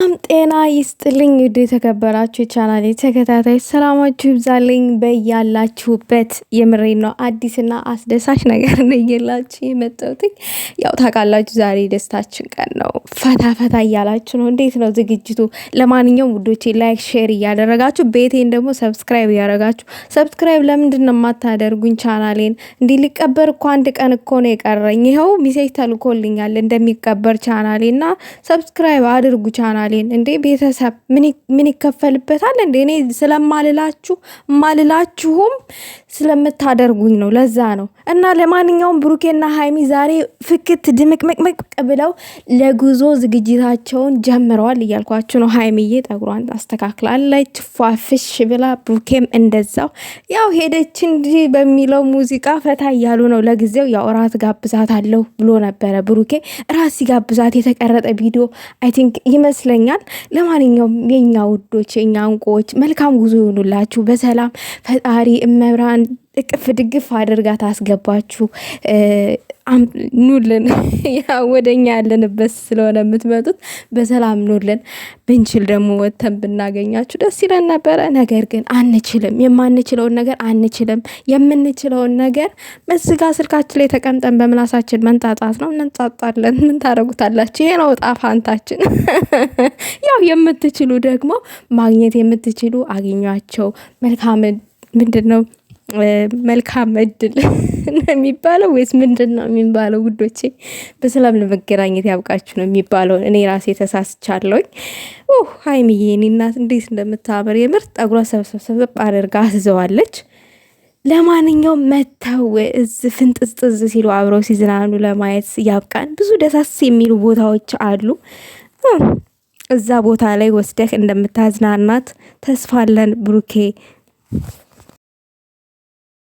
በጣም ጤና ይስጥልኝ ውድ የተከበራችሁ ቻናል ተከታታይ ሰላማችሁ ይብዛልኝ በያላችሁበት። የምሬ ነው። አዲስና አስደሳች ነገር ነው እየላችሁ የመጣሁት። ያው ታውቃላችሁ ዛሬ ደስታችን ቀን ነው። ፈታ ፈታ እያላችሁ ነው። እንዴት ነው ዝግጅቱ? ለማንኛውም ውዶቼ ላይክ፣ ሼር እያደረጋችሁ ቤቴን ደግሞ ሰብስክራይብ እያደረጋችሁ ሰብስክራይብ ለምንድን ነው የማታደርጉኝ ቻናሌን? እንዲህ ሊቀበር እኮ አንድ ቀን እኮ ነው የቀረኝ። ይኸው ሚሴጅ ተልኮልኛል እንደሚቀበር ቻናሌ እና ሰብስክራይብ አድርጉ ቻናል ባሌን እንዴ ቤተሰብ ምን ይከፈልበታል እንዴ? እኔ ስለማልላችሁ ማልላችሁም ስለምታደርጉኝ ነው። ለዛ ነው እና ለማንኛውም ብሩኬና ሀይሚ ዛሬ ፍክት ድምቅምቅምቅ ብለው ለጉዞ ዝግጅታቸውን ጀምረዋል እያልኳችሁ ነው። ሀይሚዬ ጠጉሯን አስተካክላለች ፏፍሽ ብላ፣ ብሩኬም እንደዛው ያው ሄደች እንጂ በሚለው ሙዚቃ ፈታ እያሉ ነው። ለጊዜው ያው እራት ጋብዛት አለው ብሎ ነበረ ብሩኬ። እራት ሲጋብዛት የተቀረጠ ቪዲዮ አይ ቲንክ ይመስለኛል ይመስለኛል። ለማንኛውም የኛ ውዶች፣ የኛ እንቁዎች መልካም ጉዞ ይሆኑላችሁ በሰላም ፈጣሪ እመብራን እቅፍ ድግፍ አድርጋ ታስገባችሁ። ኑልን ያው ወደኛ ያለንበት ስለሆነ የምትመጡት በሰላም ኑልን። ብንችል ደግሞ ወተን ብናገኛችሁ ደስ ይለን ነበረ። ነገር ግን አንችልም፣ የማንችለውን ነገር አንችልም። የምንችለውን ነገር መስጋ ስልካችን ላይ ተቀምጠን በምላሳችን መንጣጣት ነው። እንንጣጣለን። ምን ታደርጉታላችሁ? ይሄ ነው ዕጣ ፈንታችን። ያው የምትችሉ ደግሞ ማግኘት የምትችሉ አግኟቸው። መልካም ምንድን ነው መልካም እድል ነው የሚባለው ወይስ ምንድን ነው የሚባለው? ውዶቼ በሰላም ለመገናኘት ያብቃችሁ ነው የሚባለው። እኔ ራሴ ተሳስቻለሁኝ። ሀይሚዬ እኔ እናት እንዴት እንደምታምር የምር ጠጉሯ ሰብሰብሰብ አድርጋ አስዘዋለች። ለማንኛውም መተው እዝ ፍንጥዝጥዝ ሲሉ አብረው ሲዝናኑ ለማየት ያብቃን። ብዙ ደሳስ የሚሉ ቦታዎች አሉ። እዛ ቦታ ላይ ወስደህ እንደምታዝናናት ተስፋለን ብሩኬ